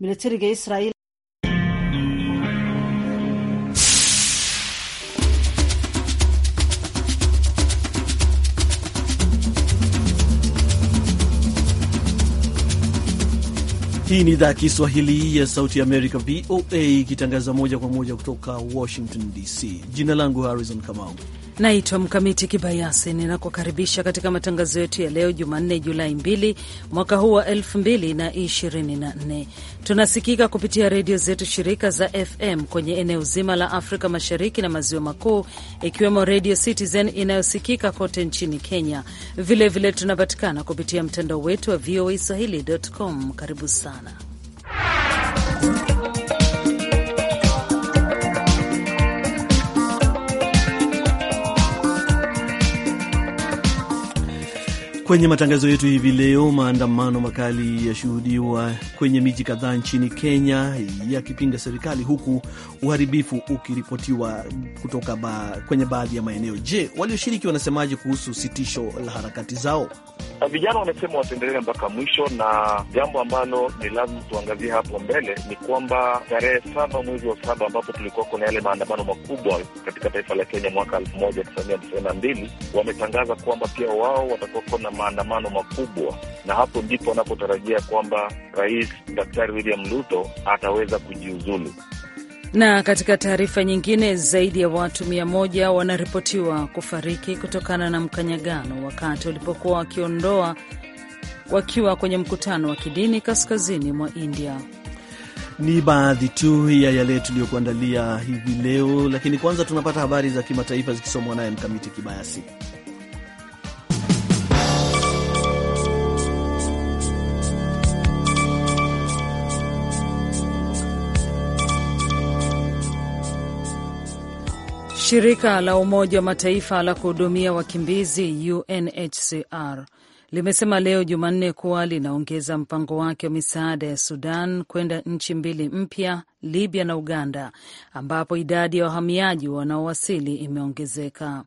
Militariga Israel Hii ni idhaa ya Kiswahili ya Sauti ya Amerika, VOA, ikitangaza moja kwa moja kutoka Washington DC. Jina langu Harrison Kamau. Naitwa Mkamiti Kibayasi, ninakukaribisha katika matangazo yetu ya leo Jumanne, Julai 2 mwaka huu wa 2024. Tunasikika kupitia redio zetu shirika za FM kwenye eneo zima la Afrika Mashariki na Maziwa Makuu, ikiwemo Redio Citizen inayosikika kote nchini Kenya. Vilevile vile tunapatikana kupitia mtandao wetu wa VOA swahili.com. Karibu sana Kwenye matangazo yetu hivi leo, maandamano makali yashuhudiwa kwenye miji kadhaa nchini Kenya yakipinga serikali, huku uharibifu ukiripotiwa kutoka ba, kwenye baadhi ya maeneo. Je, walioshiriki wanasemaje kuhusu sitisho la harakati zao? Vijana wamesema wataendelea mpaka mwisho, na jambo ambalo ni lazima tuangazie hapo mbele ni kwamba tarehe saba mwezi wa saba ambapo tulikuwa kuna yale maandamano makubwa katika taifa la Kenya mwaka elfu moja tisa mia tisini na mbili wametangaza kwamba pia wao watakuwa na maandamano makubwa, na hapo ndipo anapotarajia kwamba Rais Daktari William Ruto ataweza kujiuzulu. Na katika taarifa nyingine, zaidi ya watu mia moja wanaripotiwa kufariki kutokana na mkanyagano wakati walipokuwa wakiondoa wakiwa kwenye mkutano wa kidini kaskazini mwa India. Ni baadhi tu ya yale tuliyokuandalia hivi leo, lakini kwanza tunapata habari za kimataifa zikisomwa naye Mkamiti Kibayasi. Shirika la Umoja wa Mataifa la kuhudumia wakimbizi UNHCR limesema leo Jumanne kuwa linaongeza mpango wake wa misaada ya Sudan kwenda nchi mbili mpya Libya na Uganda, ambapo idadi ya wahamiaji wanaowasili imeongezeka.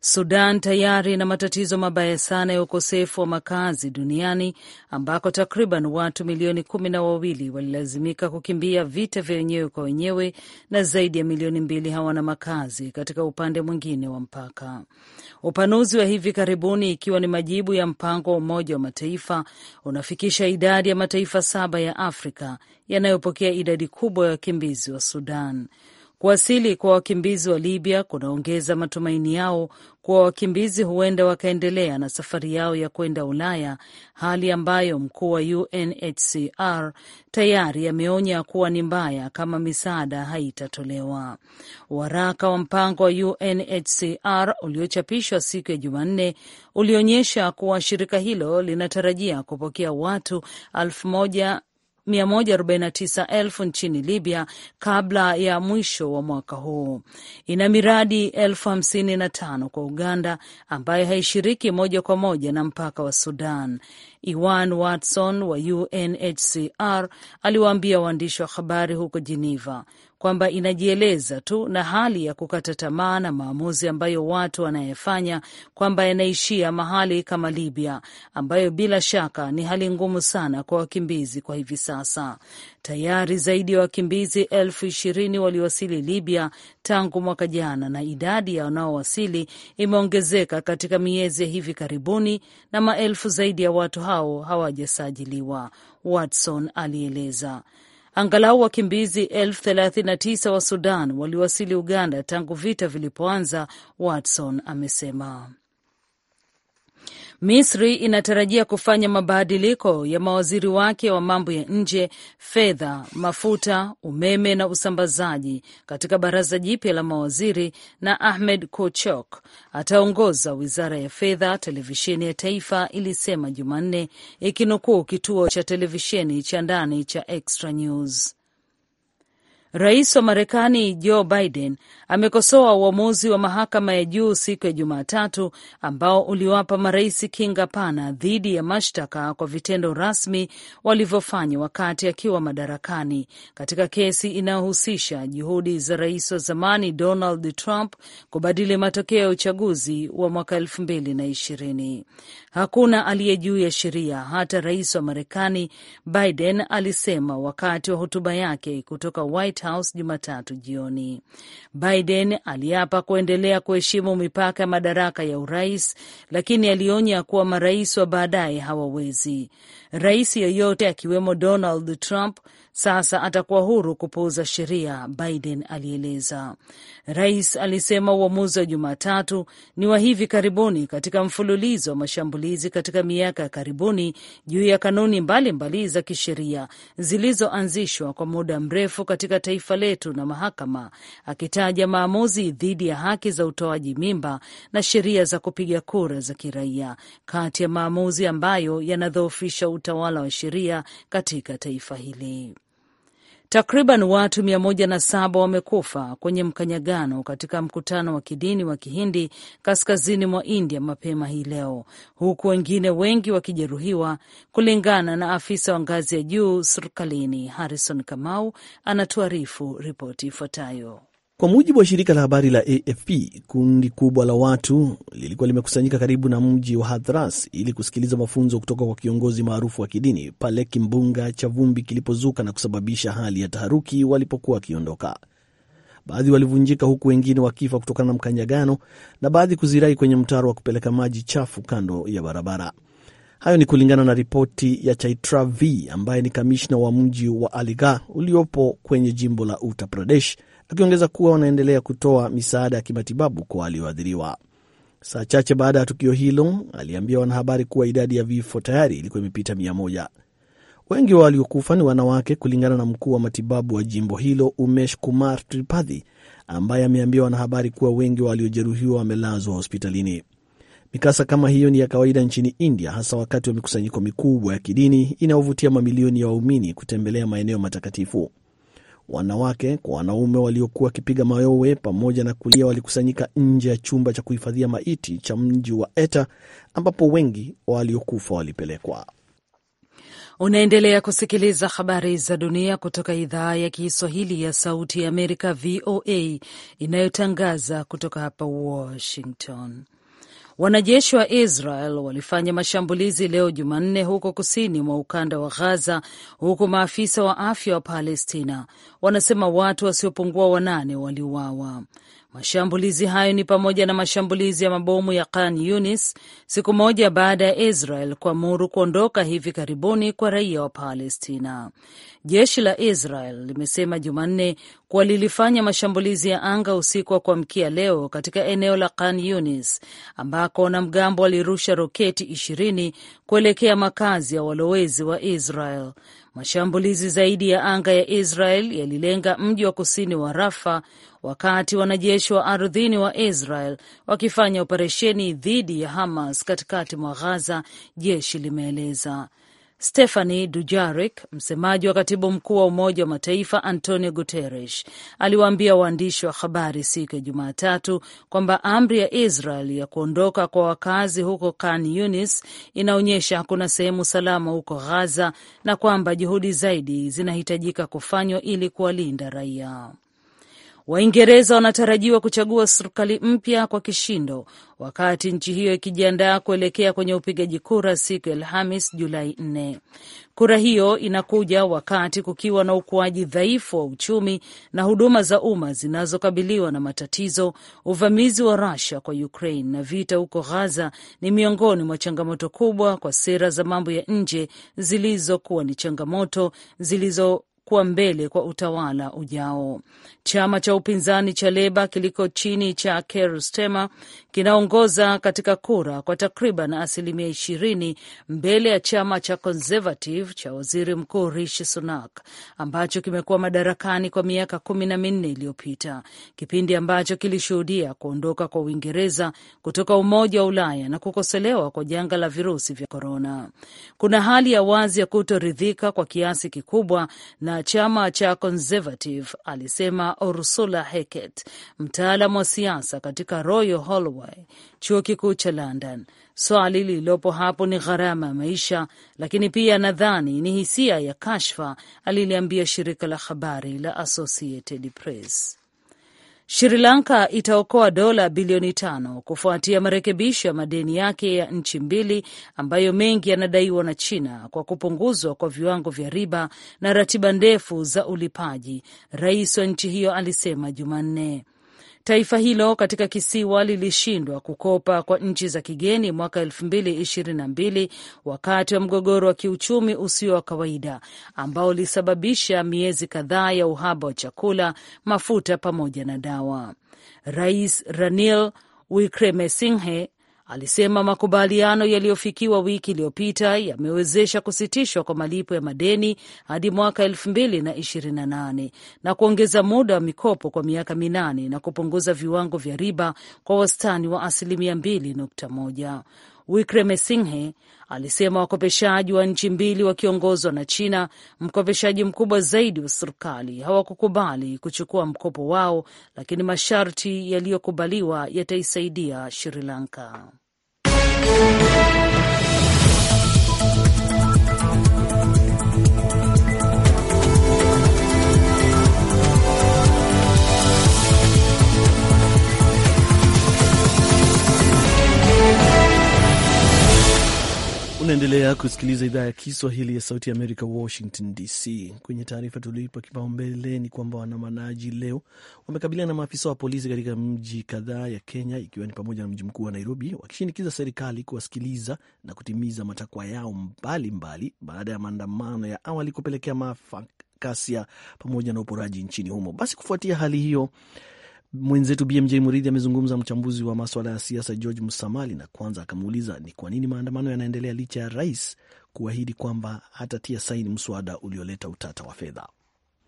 Sudan tayari ina matatizo mabaya sana ya ukosefu wa makazi duniani ambako takriban watu milioni kumi na wawili walilazimika kukimbia vita vya wenyewe kwa wenyewe na zaidi ya milioni mbili hawana makazi katika upande mwingine wa mpaka. Upanuzi wa hivi karibuni, ikiwa ni majibu ya mpango wa Umoja wa Mataifa, unafikisha idadi ya mataifa saba ya Afrika yanayopokea idadi kubwa ya wakimbizi wa Sudan. Kuwasili kwa wakimbizi wa Libya kunaongeza matumaini yao kuwa wakimbizi huenda wakaendelea na safari yao ya kwenda Ulaya, hali ambayo mkuu wa UNHCR tayari ameonya kuwa ni mbaya kama misaada haitatolewa. Waraka wa mpango wa UNHCR uliochapishwa siku ya Jumanne ulionyesha kuwa shirika hilo linatarajia kupokea watu elfu moja 149,000 nchini Libya kabla ya mwisho wa mwaka huu. Ina miradi elfu kwa Uganda ambayo haishiriki moja kwa moja na mpaka wa Sudan. Iwan Watson wa UNHCR aliwaambia waandishi wa habari huko Geneva kwamba inajieleza tu na hali ya kukata tamaa na maamuzi ambayo watu wanayefanya kwamba yanaishia mahali kama Libya, ambayo bila shaka ni hali ngumu sana kwa wakimbizi kwa hivi sasa. Tayari zaidi ya wakimbizi elfu ishirini waliwasili Libya tangu mwaka jana, na idadi ya wanaowasili imeongezeka katika miezi ya hivi karibuni, na maelfu zaidi ya watu hao hawajasajiliwa, Watson alieleza. Angalau wakimbizi elfu thelathini na tisa wa Sudan waliwasili Uganda tangu vita vilipoanza, Watson amesema. Misri inatarajia kufanya mabadiliko ya mawaziri wake wa mambo ya nje, fedha, mafuta, umeme na usambazaji katika baraza jipya la mawaziri, na Ahmed Kochok ataongoza wizara ya fedha, televisheni ya taifa ilisema Jumanne, ikinukuu kituo cha televisheni cha ndani cha Extra News. Rais wa Marekani Joe Biden amekosoa uamuzi wa mahakama ya juu siku ya Jumatatu ambao uliwapa marais kinga pana dhidi ya mashtaka kwa vitendo rasmi walivyofanya wakati akiwa madarakani katika kesi inayohusisha juhudi za rais wa zamani Donald Trump kubadili matokeo ya uchaguzi wa mwaka elfu mbili na ishirini. Hakuna aliye juu ya sheria, hata rais wa Marekani, Biden alisema wakati wa hotuba yake kutoka White House Jumatatu jioni. Biden aliapa kuendelea kuheshimu mipaka ya madaraka ya urais, lakini alionya kuwa marais wa baadaye hawawezi. Rais yeyote akiwemo Donald Trump sasa atakuwa huru kupuuza sheria, Biden alieleza. Rais alisema uamuzi wa Jumatatu ni wa hivi karibuni katika mfululizo wa mashambulizi katika miaka ya karibuni juu ya kanuni mbalimbali za kisheria zilizoanzishwa kwa muda mrefu katika taifa letu na mahakama, akitaja maamuzi dhidi ya haki za utoaji mimba na sheria za kupiga kura za kiraia kati ya maamuzi ambayo yanadhoofisha utawala wa sheria katika taifa hili. Takriban watu 107 wamekufa kwenye mkanyagano katika mkutano wa kidini wa Kihindi kaskazini mwa India mapema hii leo, huku wengine wengi wakijeruhiwa, kulingana na afisa wa ngazi ya juu serikalini. Harrison Kamau anatuarifu ripoti ifuatayo. Kwa mujibu wa shirika la habari la AFP, kundi kubwa la watu lilikuwa limekusanyika karibu na mji wa Hadhras ili kusikiliza mafunzo kutoka kwa kiongozi maarufu wa kidini pale kimbunga cha vumbi kilipozuka na kusababisha hali ya taharuki walipokuwa wakiondoka. Baadhi walivunjika huku wengine wakifa kutokana na mkanyagano na baadhi kuzirai kwenye mtaro wa kupeleka maji chafu kando ya barabara. Hayo ni kulingana na ripoti ya Chaitra V ambaye ni kamishna wa mji wa Aligarh uliopo kwenye jimbo la Uttar Pradesh akiongeza kuwa wanaendelea kutoa misaada ya kimatibabu kwa walioathiriwa. Saa chache baada ya tukio hilo, aliambia wanahabari kuwa idadi ya vifo tayari ilikuwa imepita mia moja. Wengi wa waliokufa ni wanawake, kulingana na mkuu wa matibabu wa jimbo hilo Umesh Kumar Tripathi, ambaye ameambia wanahabari kuwa wengi wa waliojeruhiwa wamelazwa hospitalini. Mikasa kama hiyo ni ya kawaida nchini India, hasa wakati wa mikusanyiko mikubwa ya kidini inayovutia mamilioni ya waumini kutembelea maeneo matakatifu. Wanawake kwa wanaume waliokuwa wakipiga mayowe pamoja na kulia walikusanyika nje ya chumba cha kuhifadhia maiti cha mji wa Eta ambapo wengi waliokufa walipelekwa. Unaendelea kusikiliza habari za dunia kutoka idhaa ya Kiswahili ya Sauti ya Amerika, VOA, inayotangaza kutoka hapa Washington. Wanajeshi wa Israel walifanya mashambulizi leo Jumanne huko kusini mwa ukanda wa Gaza, huku maafisa wa afya wa Palestina wanasema watu wasiopungua wanane waliuawa. Mashambulizi hayo ni pamoja na mashambulizi ya mabomu ya Khan Yunis siku moja baada ya Israel kuamuru kuondoka hivi karibuni kwa raia wa Palestina. Jeshi la Israel limesema Jumanne kuwa lilifanya mashambulizi ya anga usiku wa kuamkia leo katika eneo la Khan Yunis ambako wanamgambo walirusha roketi ishirini kuelekea makazi ya walowezi wa Israel. Mashambulizi zaidi ya anga ya Israel yalilenga mji wa kusini wa Rafa wakati wanajeshi wa ardhini wa Israel wakifanya operesheni dhidi ya Hamas katikati mwa Ghaza, jeshi limeeleza stephani dujarik msemaji wa katibu mkuu wa Umoja wa Mataifa Antonio Guterres, aliwaambia waandishi wa habari siku ya Jumatatu kwamba amri ya Israel ya kuondoka kwa wakazi huko Khan Yunis inaonyesha hakuna sehemu salama huko ghaza na kwamba juhudi zaidi zinahitajika kufanywa ili kuwalinda raia. Waingereza wanatarajiwa kuchagua serikali mpya kwa kishindo wakati nchi hiyo ikijiandaa kuelekea kwenye upigaji kura siku ya Alhamis, Julai nne. Kura hiyo inakuja wakati kukiwa na ukuaji dhaifu wa uchumi na huduma za umma zinazokabiliwa na matatizo. Uvamizi wa Russia kwa Ukraine na vita huko Gaza ni miongoni mwa changamoto kubwa kwa sera za mambo ya nje zilizokuwa ni changamoto zilizo kuwa mbele kwa utawala ujao. Chama cha upinzani cha Leba kiliko chini cha Keir Starmer kinaongoza katika kura kwa takriban asilimia ishirini mbele ya chama cha Conservative cha waziri mkuu Rishi Sunak ambacho kimekuwa madarakani kwa miaka kumi na minne iliyopita, kipindi ambacho kilishuhudia kuondoka kwa Uingereza kutoka Umoja wa Ulaya na kukosolewa kwa janga la virusi vya korona. Kuna hali ya wazi ya kutoridhika kwa kiasi kikubwa na chama cha Conservative, alisema Ursula Heket, mtaalam wa siasa katika Royal Holloway Holloway, chuo kikuu cha London. Swali lililopo hapo ni gharama ya maisha, lakini pia nadhani ni hisia ya kashfa, aliliambia shirika la habari la Associated Press. Sri Lanka itaokoa dola bilioni tano kufuatia marekebisho ya madeni yake ya nchi mbili ambayo mengi yanadaiwa na China kwa kupunguzwa kwa viwango vya riba na ratiba ndefu za ulipaji, rais wa nchi hiyo alisema Jumanne. Taifa hilo katika kisiwa lilishindwa kukopa kwa nchi za kigeni mwaka elfu mbili ishirini na mbili wakati wa mgogoro wa kiuchumi usio wa kawaida ambao ulisababisha miezi kadhaa ya uhaba wa chakula, mafuta pamoja na dawa. Rais Ranil Wickremesinghe alisema makubaliano yaliyofikiwa wiki iliyopita yamewezesha kusitishwa kwa malipo ya madeni hadi mwaka 2028 na kuongeza muda wa mikopo kwa miaka minane na kupunguza viwango vya riba kwa wastani wa asilimia moja. Wickremesinghe alisema wakopeshaji wa nchi mbili wakiongozwa na China, mkopeshaji mkubwa zaidi wa serikali, hawakukubali kuchukua mkopo wao, lakini masharti yaliyokubaliwa yataisaidia Sri Lanka. Unaendelea kusikiliza idhaa ya Kiswahili ya Sauti ya Amerika, Washington DC. Kwenye taarifa tulioipa kipaumbele ni kwamba waandamanaji leo wamekabiliana na maafisa wa polisi katika mji kadhaa ya Kenya, ikiwa ni pamoja na mji mkuu wa Nairobi, wakishinikiza serikali kuwasikiliza na kutimiza matakwa yao mbalimbali, baada ya maandamano ya awali kupelekea maafa, pamoja na uporaji nchini humo. Basi kufuatia hali hiyo mwenzetu BMJ Muridhi amezungumza mchambuzi wa maswala ya siasa George Musamali, na kwanza akamuuliza ni kwa nini maandamano yanaendelea licha ya rais kuahidi kwamba hatatia saini mswada ulioleta utata wa fedha.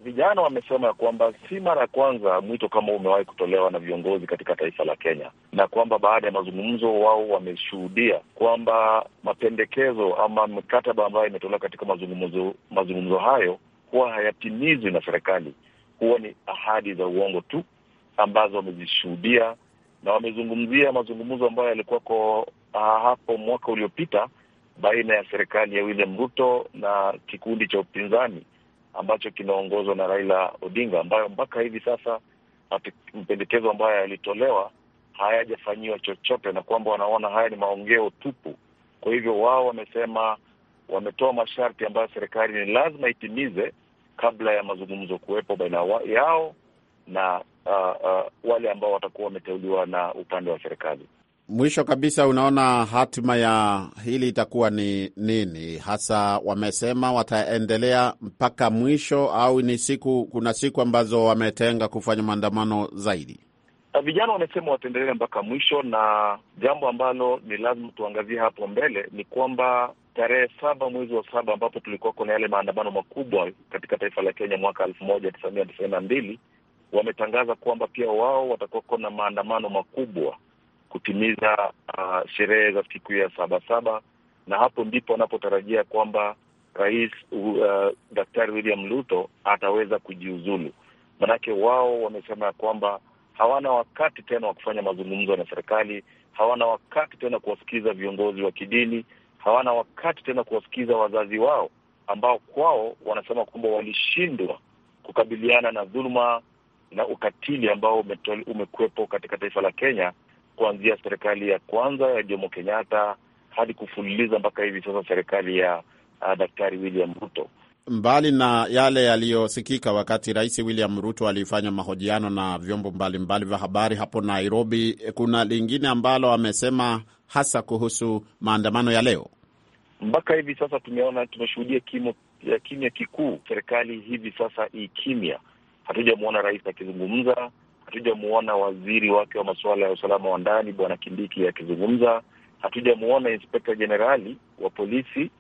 Vijana wamesema kwamba si mara ya kwanza mwito kama umewahi kutolewa na viongozi katika taifa la Kenya, na kwamba baada ya mazungumzo wao wameshuhudia kwamba mapendekezo ama mkataba ambayo imetolewa katika mazungumzo mazungumzo hayo huwa hayatimizwi na serikali, huwa ni ahadi za uongo tu ambazo wamezishuhudia na wamezungumzia mazungumzo ambayo yalikuwako ah, hapo mwaka uliopita baina ya serikali ya William Ruto na kikundi cha upinzani ambacho kinaongozwa na Raila Odinga, ambayo mpaka hivi sasa mapendekezo ambayo yalitolewa hayajafanyiwa chochote, na kwamba wanaona haya ni maongeo tupu. Kwa hivyo wao wamesema, wametoa masharti ambayo serikali ni lazima itimize kabla ya mazungumzo kuwepo baina yao na uh, uh, wale ambao watakuwa wameteuliwa na upande wa serikali. Mwisho kabisa, unaona hatima ya hili itakuwa ni nini hasa? Wamesema wataendelea mpaka mwisho, au ni siku, kuna siku ambazo wametenga kufanya maandamano zaidi? Uh, vijana wamesema wataendelea mpaka mwisho, na jambo ambalo ni lazima tuangazie hapo mbele ni kwamba tarehe saba mwezi wa saba ambapo tulikuwa kuna yale maandamano makubwa katika taifa la Kenya mwaka elfu moja tisamia tisaini na mbili wametangaza kwamba pia wao watakuwako na maandamano makubwa kutimiza uh, sherehe za siku ya saba saba, na hapo ndipo wanapotarajia kwamba rais uh, Daktari William luto ataweza kujiuzulu. manake wao wamesema ya kwamba hawana wakati tena wa kufanya mazungumzo na serikali, hawana wakati tena kuwasikiza viongozi wa kidini, hawana wakati tena kuwasikiza wazazi wao ambao kwao wanasema kwamba walishindwa kukabiliana na dhuluma na ukatili ambao umekuwepo katika taifa la Kenya kuanzia serikali ya kwanza ya Jomo Kenyatta hadi kufululiza mpaka hivi sasa serikali ya uh, Daktari William Ruto. Mbali na yale yaliyosikika wakati Rais William Ruto alifanya mahojiano na vyombo mbalimbali vya habari hapo Nairobi, kuna lingine ambalo amesema hasa kuhusu maandamano ya leo. Mpaka hivi sasa tumeona, tumeshuhudia kimya kikuu, serikali hivi sasa ikimya Hatujamwona rais akizungumza, hatujamwona waziri wake wa masuala ya usalama wa ndani Bwana Kindiki akizungumza, hatujamwona inspekta jenerali wa polisi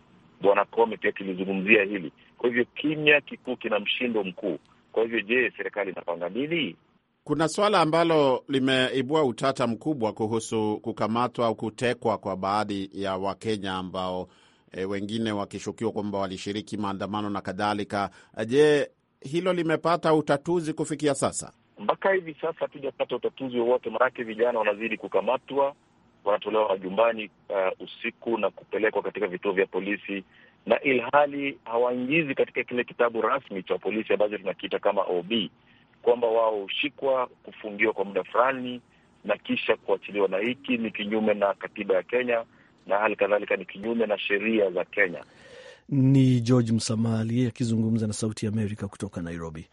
Bwana Kome pia akilizungumzia hili. Kwa hivyo kimya kikuu kina mshindo mkuu. Kwa hivyo, je, serikali inapanga nini? Kuna swala ambalo limeibua utata mkubwa kuhusu kukamatwa au kutekwa kwa baadhi ya Wakenya ambao e, wengine wakishukiwa kwamba walishiriki maandamano na kadhalika. Je, hilo limepata utatuzi kufikia sasa? Mpaka hivi sasa hatujapata utatuzi wowote, maanake vijana wanazidi kukamatwa, wanatolewa majumbani uh, usiku na kupelekwa katika vituo vya polisi, na ilhali hawaingizi katika kile kitabu rasmi cha polisi ambacho tunakiita kama OB kwamba wao hushikwa kufungiwa kwa muda fulani na kisha kuachiliwa, na hiki ni kinyume na katiba ya Kenya na hali kadhalika ni kinyume na sheria za Kenya. Ni George Msamali akizungumza na Sauti ya Amerika kutoka Nairobi.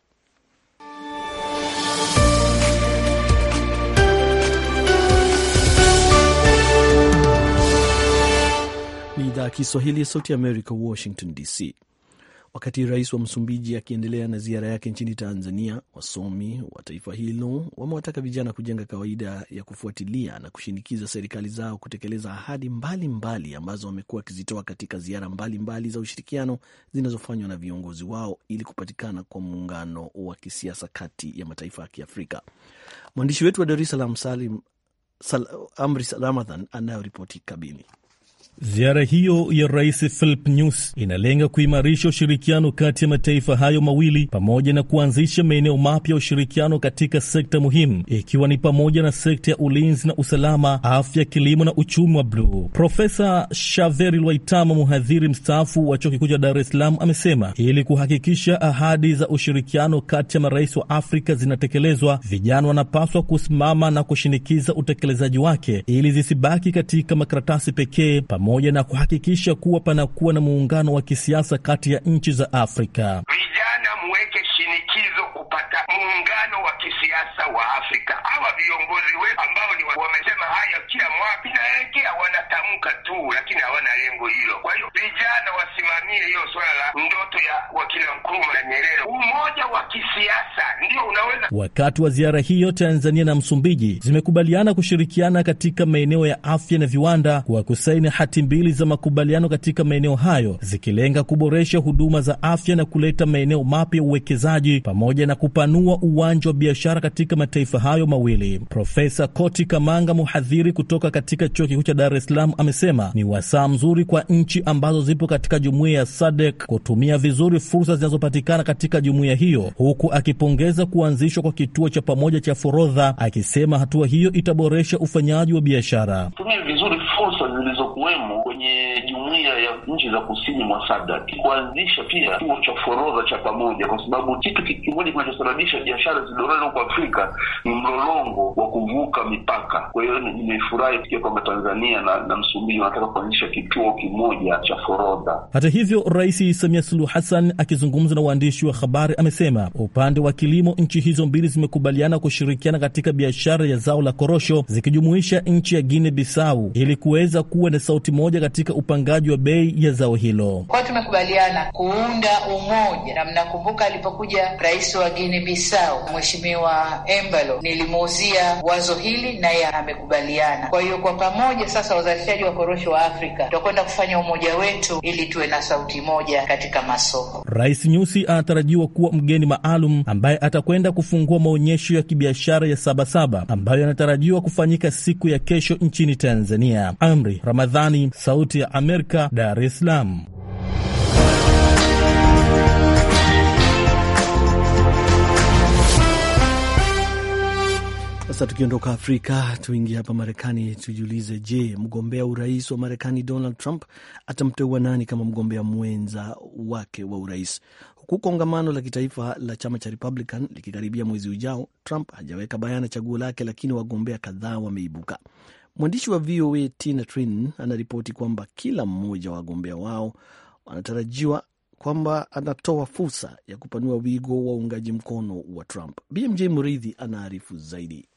Ni idhaa ya Kiswahili ya Sauti ya Amerika, Washington DC. Wakati rais wa Msumbiji akiendelea na ziara yake nchini Tanzania, wasomi wa taifa hilo wamewataka vijana kujenga kawaida ya kufuatilia na kushinikiza serikali zao kutekeleza ahadi mbalimbali ambazo wamekuwa wakizitoa katika ziara mbalimbali mbali za ushirikiano zinazofanywa na viongozi wao ili kupatikana kwa muungano wa kisiasa kati ya mataifa ya Kiafrika. Mwandishi wetu wa Dar es Salaam, Salim Amri Ramadhan, anayoripoti kabili Ziara hiyo ya Rais Philip Nyusi inalenga kuimarisha ushirikiano kati ya mataifa hayo mawili pamoja na kuanzisha maeneo mapya ya ushirikiano katika sekta muhimu ikiwa ni pamoja na sekta ya ulinzi na usalama, afya, kilimo na uchumi wa bluu. Profesa Shaveri Lwaitama, mhadhiri mstaafu wa Chuo Kikuu cha Dar es Salaam, amesema ili kuhakikisha ahadi za ushirikiano kati ya marais wa Afrika zinatekelezwa, vijana wanapaswa kusimama na kushinikiza utekelezaji wake ili zisibaki katika makaratasi pekee pamoja na kuhakikisha kuwa panakuwa na muungano wa kisiasa kati ya nchi za Afrika. Vijana kupata muungano wa kisiasa wa Afrika. Hawa viongozi wetu ambao ni wamesema haya kila mwaka, inaelekea wanatamka tu, lakini hawana lengo hilo. Kwa hiyo vijana wasimamie hiyo swala la ndoto ya wakina Nkrumah na Nyerere, umoja wa kisiasa ndio unaweza. Wakati wa ziara hiyo, Tanzania na Msumbiji zimekubaliana kushirikiana katika maeneo ya afya na viwanda kwa kusaini hati mbili za makubaliano katika maeneo hayo zikilenga kuboresha huduma za afya na kuleta maeneo mapya uwekezaji pamoja na kupanua uwanja wa biashara katika mataifa hayo mawili. Profesa Koti Kamanga, muhadhiri kutoka katika chuo kikuu cha Dar es Salaam, amesema ni wasaa mzuri kwa nchi ambazo zipo katika jumuiya ya SADC kutumia vizuri fursa zinazopatikana katika jumuiya hiyo, huku akipongeza kuanzishwa kwa kituo cha pamoja cha forodha, akisema hatua hiyo itaboresha ufanyaji wa biashara. Tumia vizuri fursa zilizokuwemo kwenye jumuiya ya nchi za kusini mwa SADC kuanzisha pia kituo cha forodha cha pamoja, kwa sababu kitu kimoja kinachosababisha biashara zidorora huko Afrika ni mlolongo wa kuvuka mipaka. Kwa hiyo nimefurahi pia kwamba Tanzania na, na Msumbiji wanataka kuanzisha kituo kimoja cha forodha. Hata hivyo, Rais Samia Suluhu Hassan akizungumza na waandishi wa habari amesema upande wa kilimo, nchi hizo mbili zimekubaliana kushirikiana katika biashara ya zao la korosho zikijumuisha nchi ya Guinea Bissau ili kuweza kuwa na sauti moja katika upangaji wa bei ya zao hilo. Kwa tumekubaliana kuunda umoja, na mnakumbuka alipokuja rais wa guine Bissau Mheshimiwa Embalo, nilimuuzia wazo hili naye amekubaliana. Kwa hiyo kwa pamoja sasa wazalishaji wa korosho wa Afrika tutakwenda kufanya umoja wetu ili tuwe na sauti moja katika masoko. Rais Nyusi anatarajiwa kuwa mgeni maalum ambaye atakwenda kufungua maonyesho ya kibiashara ya Sabasaba ambayo yanatarajiwa kufanyika siku ya kesho nchini Tanzania. Amri Ramadhani, Sauti ya Amerika, Dar es Salaam. Sasa tukiondoka Afrika tuingie hapa Marekani, tujiulize, je, mgombea urais wa Marekani Donald Trump atamteua nani kama mgombea mwenza wake wa urais? Huku kongamano la kitaifa la chama cha Republican likikaribia mwezi ujao, Trump hajaweka bayana chaguo lake, lakini wagombea kadhaa wameibuka. Mwandishi wa VOA Tina Trin anaripoti kwamba kila mmoja wa wagombea wao anatarajiwa kwamba anatoa fursa ya kupanua wigo wa uungaji mkono wa Trump. BMJ Murithi anaarifu zaidi.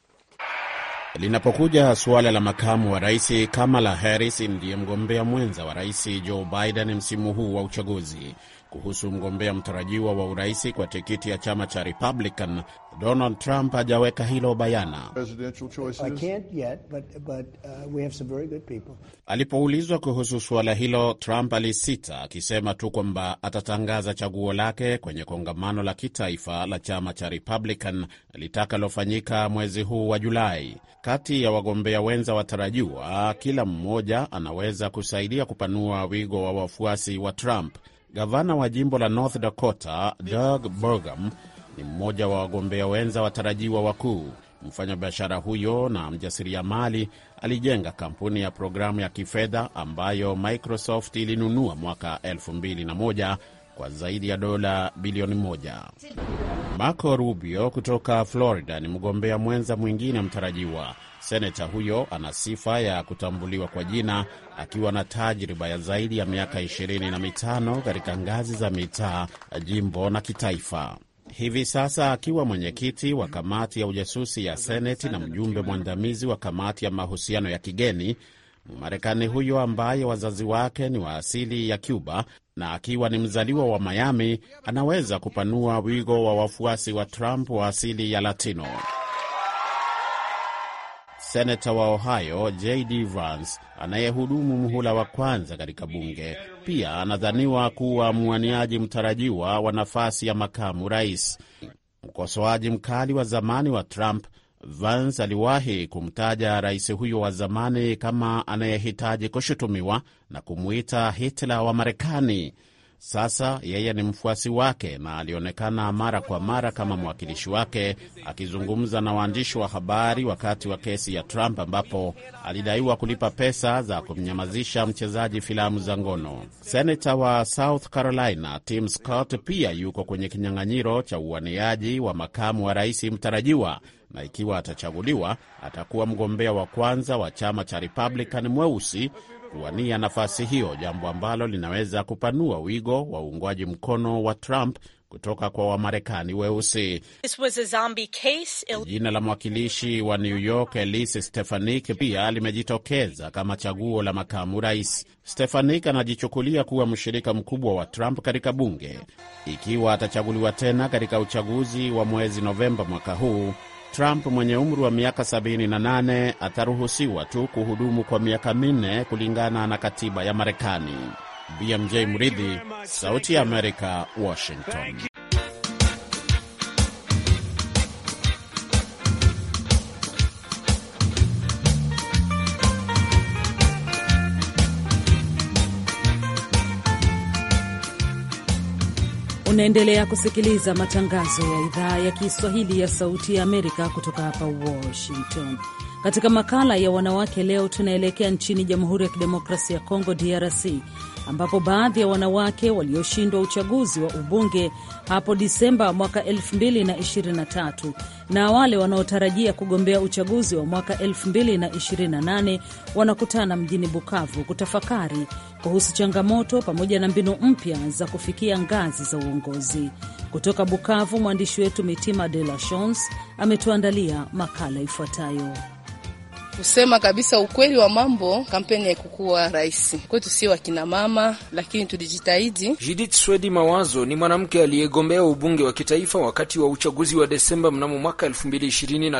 Linapokuja suala la makamu wa rais, Kamala Harris ndiye mgombea mwenza wa rais Joe Biden msimu huu wa uchaguzi kuhusu mgombea mtarajiwa wa uraisi kwa tikiti ya chama cha Republican. Donald Trump hajaweka hilo bayana. Uh, Alipoulizwa kuhusu suala hilo, Trump alisita akisema tu kwamba atatangaza chaguo lake kwenye kongamano la kitaifa la chama cha Republican litakalofanyika mwezi huu wa Julai. Kati ya wagombea wenza watarajiwa, kila mmoja anaweza kusaidia kupanua wigo wa wafuasi wa Trump. Gavana wa jimbo la North Dakota Doug Burgum ni mmoja wa wagombea wenza watarajiwa wakuu. Mfanyabiashara huyo na mjasiriamali alijenga kampuni ya programu ya kifedha ambayo Microsoft ilinunua mwaka 2001 kwa zaidi ya dola bilioni moja. Marco Rubio kutoka Florida ni mgombea mwenza mwingine mtarajiwa. Seneta huyo ana sifa ya kutambuliwa kwa jina akiwa na tajriba ya zaidi ya miaka ishirini na mitano katika ngazi za mitaa, jimbo na kitaifa. Hivi sasa akiwa mwenyekiti wa kamati ya ujasusi ya Seneti na mjumbe mwandamizi wa kamati ya mahusiano ya kigeni, Mmarekani huyo ambaye wazazi wake ni wa asili ya Cuba na akiwa ni mzaliwa wa Miami, anaweza kupanua wigo wa wafuasi wa Trump wa asili ya Latino senata wa Ohio JD Vance anayehudumu mhula wa kwanza katika bunge. Pia anadhaniwa kuwa mwaniaji mtarajiwa wa nafasi ya makamu rais. Mkosoaji mkali wa zamani wa Trump, Vance aliwahi kumtaja rais huyo wa zamani kama anayehitaji kushutumiwa na kumuita Hitler wa Marekani. Sasa yeye ni mfuasi wake na alionekana mara kwa mara kama mwakilishi wake akizungumza na waandishi wa habari wakati wa kesi ya Trump ambapo alidaiwa kulipa pesa za kumnyamazisha mchezaji filamu za ngono. Senata wa South Carolina Tim Scott pia yuko kwenye kinyang'anyiro cha uwaniaji wa makamu wa rais mtarajiwa, na ikiwa atachaguliwa, atakuwa mgombea wa kwanza wa chama cha Republican mweusi kuwania nafasi hiyo, jambo ambalo linaweza kupanua wigo wa uungwaji mkono wa Trump kutoka kwa Wamarekani weusi. Jina la mwakilishi wa New York Elise Stefanik pia limejitokeza kama chaguo la makamu rais. Stefanik anajichukulia kuwa mshirika mkubwa wa Trump katika bunge. Ikiwa atachaguliwa tena katika uchaguzi wa mwezi Novemba mwaka huu, Trump mwenye umri wa miaka 78 ataruhusiwa tu kuhudumu kwa miaka minne kulingana na katiba ya Marekani. BMJ Mridhi, Sauti ya Amerika, Washington. Unaendelea kusikiliza matangazo ya idhaa ya Kiswahili ya Sauti ya Amerika kutoka hapa Washington. Katika makala ya wanawake leo, tunaelekea nchini Jamhuri ya Kidemokrasia ya Kongo, DRC, ambapo baadhi ya wanawake walioshindwa uchaguzi wa ubunge hapo Disemba mwaka 2023 na wale wanaotarajia kugombea uchaguzi wa mwaka 2028 wanakutana mjini Bukavu kutafakari kuhusu changamoto pamoja na mbinu mpya za kufikia ngazi za uongozi. Kutoka Bukavu, mwandishi wetu Mitima De La Chance ametuandalia makala ifuatayo. Kusema kabisa ukweli wa mambo, kampeni haikukuwa rahisi kwetu, sio wakina mama, lakini tulijitahidi. Judith Swedi Mawazo ni mwanamke aliyegombea ubunge wa kitaifa wakati wa uchaguzi wa Desemba mnamo mwaka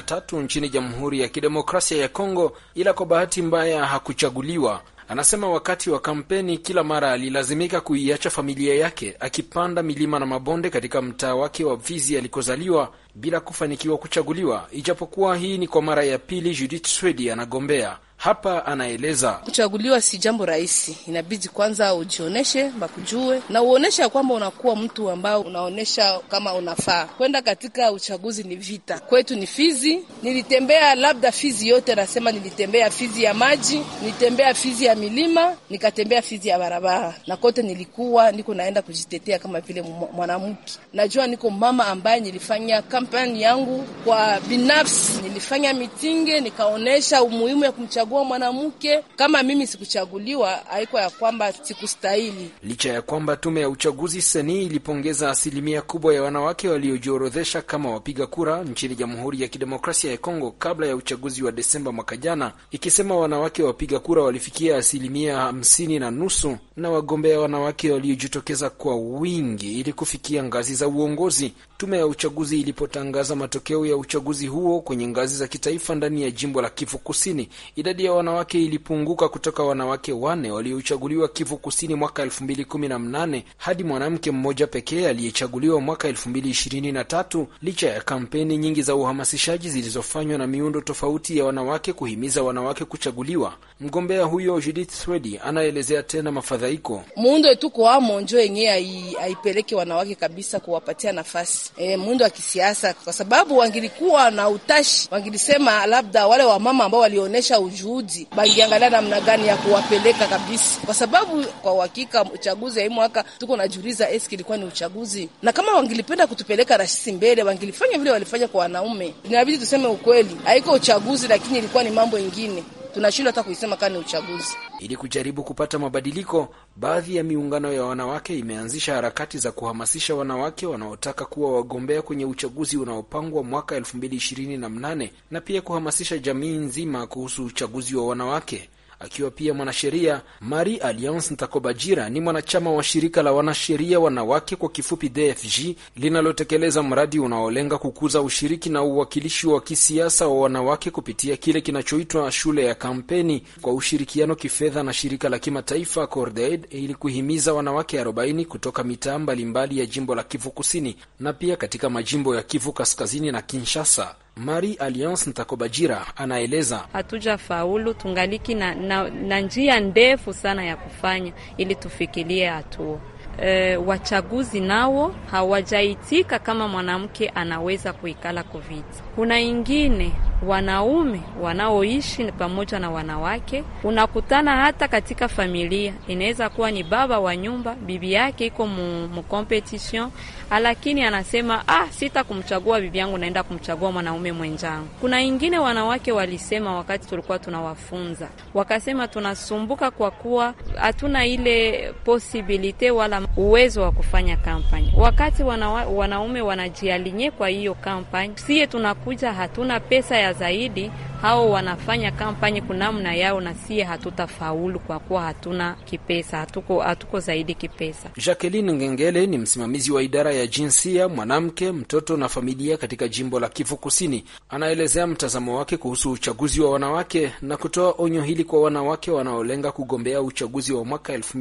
tatu nchini Jamhuri ya Kidemokrasia ya Kongo, ila kwa bahati mbaya hakuchaguliwa. Anasema wakati wa kampeni kila mara alilazimika kuiacha familia yake akipanda milima na mabonde katika mtaa wake wa Fizi alikozaliwa bila kufanikiwa kuchaguliwa, ijapokuwa hii ni kwa mara ya pili Judith Swedi anagombea. Hapa anaeleza kuchaguliwa si jambo rahisi, inabidi kwanza ujionyeshe, bakujue na uoneshe ya kwamba unakuwa mtu ambao unaonyesha kama unafaa kwenda katika uchaguzi. Ni vita kwetu, ni Fizi. Nilitembea labda Fizi yote, nasema nilitembea Fizi ya maji, nilitembea Fizi ya milima, nikatembea Fizi ya barabara, na kote nilikuwa niko naenda kujitetea kama vile mwanamke. Najua niko mama ambaye nilifanya kampani yangu kwa binafsi, nilifanya mitinge, nikaonesha umuhimu ya kumchagua kuchagua mwanamke kama mimi sikuchaguliwa, haiko ya kwamba sikustahili. Licha ya kwamba tume ya uchaguzi seni ilipongeza asilimia kubwa ya wanawake waliojiorodhesha kama wapiga kura nchini Jamhuri ya Kidemokrasia ya Kongo kabla ya uchaguzi wa Desemba mwaka jana, ikisema wanawake wapiga kura walifikia asilimia hamsini na nusu na wagombea wanawake waliojitokeza kwa wingi ili kufikia ngazi za uongozi. Tume ya uchaguzi ilipotangaza matokeo ya uchaguzi huo kwenye ngazi za kitaifa ndani ya jimbo la Kivu Kusini, idadi idadi ya wanawake ilipunguka kutoka wanawake wane waliochaguliwa Kivu Kusini mwaka 2018 hadi mwanamke mmoja pekee aliyechaguliwa mwaka 2023 licha ya kampeni nyingi za uhamasishaji zilizofanywa na miundo tofauti ya wanawake kuhimiza wanawake kuchaguliwa. Mgombea huyo Judith Swedi anaelezea tena mafadhaiko muundo etuko amo njo yenyewe haipeleke wanawake kabisa kuwapatia nafasi e, muundo wa kisiasa, kwa sababu wangilikuwa na utashi wangilisema labda wale wamama ambao walionyesha uju juhudi bangiangalia namna gani ya kuwapeleka kabisa, kwa sababu kwa uhakika uchaguzi hii mwaka tuko najiuliza, eski ilikuwa ni uchaguzi? Na kama wangilipenda kutupeleka rashisi mbele, wangilifanya vile walifanya kwa wanaume. Inabidi tuseme ukweli, haiko uchaguzi, lakini ilikuwa ni mambo ingine, tunashindwa hata kuisema kaa ni uchaguzi. Ili kujaribu kupata mabadiliko, baadhi ya miungano ya wanawake imeanzisha harakati za kuhamasisha wanawake wanaotaka kuwa wagombea kwenye uchaguzi unaopangwa mwaka elfu mbili ishirini na na pia kuhamasisha jamii nzima kuhusu uchaguzi wa wanawake akiwa pia mwanasheria. Marie Alliance Ntakobajira ni mwanachama wa shirika la wanasheria wanawake kwa kifupi DFG, linalotekeleza mradi unaolenga kukuza ushiriki na uwakilishi wa kisiasa wa wanawake kupitia kile kinachoitwa shule ya kampeni kwa ushirikiano kifedha na shirika la kimataifa CORDAID ili kuhimiza wanawake 40 kutoka mitaa mbalimbali ya jimbo la Kivu Kusini na pia katika majimbo ya Kivu Kaskazini na Kinshasa. Mari Alliance Ntakobajira anaeleza, hatuja faulu tungaliki na, na, na njia ndefu sana ya kufanya ili tufikilie hatua E, wachaguzi nao hawajaitika kama mwanamke anaweza kuikala kuviti. Kuna ingine wanaume wanaoishi pamoja na wanawake, unakutana hata katika familia, inaweza kuwa ni baba wa nyumba, bibi yake iko mu competition Ah, lakini anasema ah, sita kumchagua bibi yangu, naenda kumchagua mwanaume mwenjangu. Kuna ingine wanawake walisema wakati tulikuwa tunawafunza, wakasema tunasumbuka kwa kuwa hatuna ile posibilite wala uwezo wa kufanya kampani, wakati wanawa, wanaume wanajialinye kwa hiyo kampani. Siye tunakuja hatuna pesa ya zaidi, hao wanafanya kampani kunamna yao, na sie hatutafaulu kwa kuwa hatuna kipesa, hatuko, hatuko zaidi kipesa. Jacqueline Ngengele ni msimamizi wa idara ya jinsia, mwanamke, mtoto na familia katika jimbo la Kivu Kusini anaelezea mtazamo wake kuhusu uchaguzi wa wanawake na kutoa onyo hili kwa wanawake wanaolenga kugombea uchaguzi wa mwaka elfu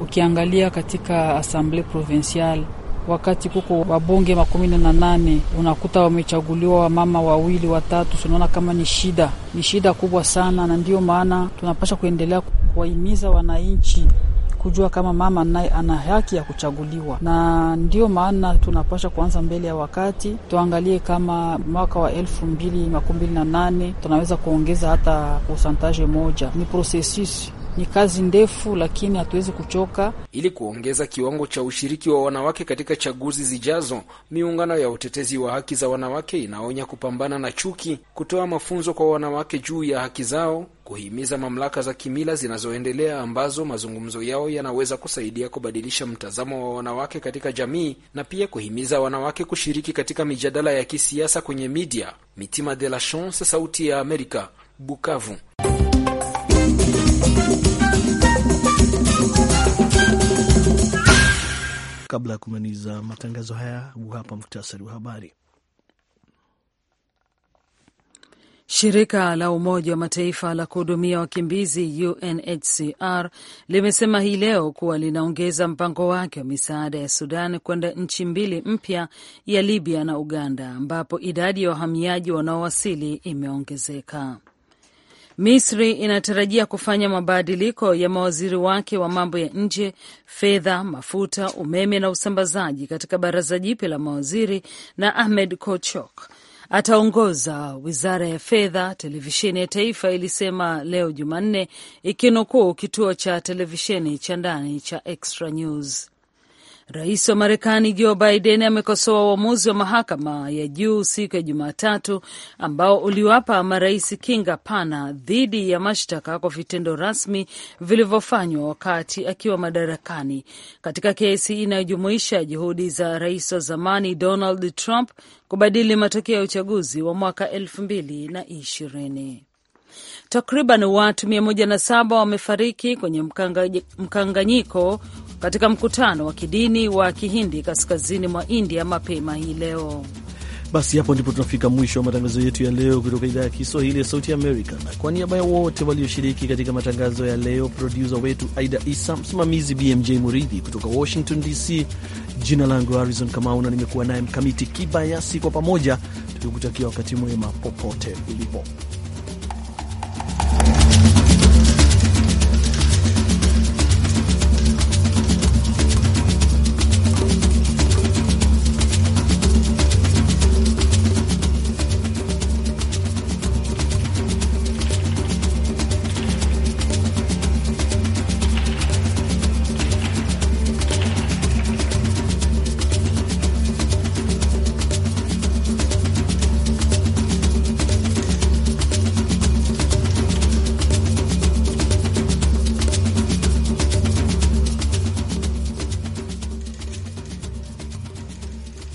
Ukiangalia katika Assemble Provincial wakati kuko wabunge makumi na nane unakuta wamechaguliwa wamama wawili watatu, tunaona kama ni shida, ni shida kubwa sana, na ndiyo maana tunapasha kuendelea kuwahimiza wananchi kujua kama mama naye ana haki ya kuchaguliwa, na ndio maana tunapasha kuanza mbele ya wakati. Tuangalie kama mwaka wa elfu mbili makumi mbili na nane tunaweza kuongeza hata posantaje moja, ni processus ni kazi ndefu, lakini hatuwezi kuchoka. Ili kuongeza kiwango cha ushiriki wa wanawake katika chaguzi zijazo, miungano ya utetezi wa haki za wanawake inaonya kupambana na chuki, kutoa mafunzo kwa wanawake juu ya haki zao, kuhimiza mamlaka za kimila zinazoendelea ambazo mazungumzo yao yanaweza kusaidia kubadilisha mtazamo wa wanawake katika jamii, na pia kuhimiza wanawake kushiriki katika mijadala ya kisiasa kwenye midia. Mitima de la Chance, Sauti ya Amerika, Bukavu. Kabla ya kumaliza matangazo haya, huu hapa muhtasari wa habari. Shirika la Umoja wa Mataifa la kuhudumia wakimbizi UNHCR limesema hii leo kuwa linaongeza mpango wake wa misaada ya Sudan kwenda nchi mbili mpya ya Libya na Uganda, ambapo idadi ya wahamiaji wanaowasili imeongezeka. Misri inatarajia kufanya mabadiliko ya mawaziri wake wa mambo ya nje, fedha, mafuta, umeme na usambazaji katika baraza jipya la mawaziri, na Ahmed Kochok ataongoza wizara ya fedha, televisheni ya taifa ilisema leo Jumanne, ikinukuu kituo cha televisheni cha ndani cha Extra News. Rais wa Marekani Joe Biden amekosoa uamuzi wa mahakama ya juu siku ya Jumatatu ambao uliwapa marais kinga pana dhidi ya mashtaka kwa vitendo rasmi vilivyofanywa wakati akiwa madarakani katika kesi inayojumuisha juhudi za rais wa zamani Donald Trump kubadili matokeo ya uchaguzi wa mwaka elfu mbili na ishirini. Takriban watu 107 wamefariki kwenye mkanganyiko katika mkutano wa kidini wa Kihindi kaskazini mwa India mapema hii leo. Basi hapo ndipo tunafika mwisho wa matangazo yetu ya leo kutoka idhaa ya Kiswahili ya Sauti Amerika, na kwa niaba ya wote walioshiriki katika matangazo ya leo, produsa wetu Aida Isa, msimamizi BMJ Muridhi kutoka Washington DC, jina langu Harrison Kamau na nimekuwa naye Mkamiti Kibayasi, kwa pamoja tukikutakia wakati mwema popote ulipo.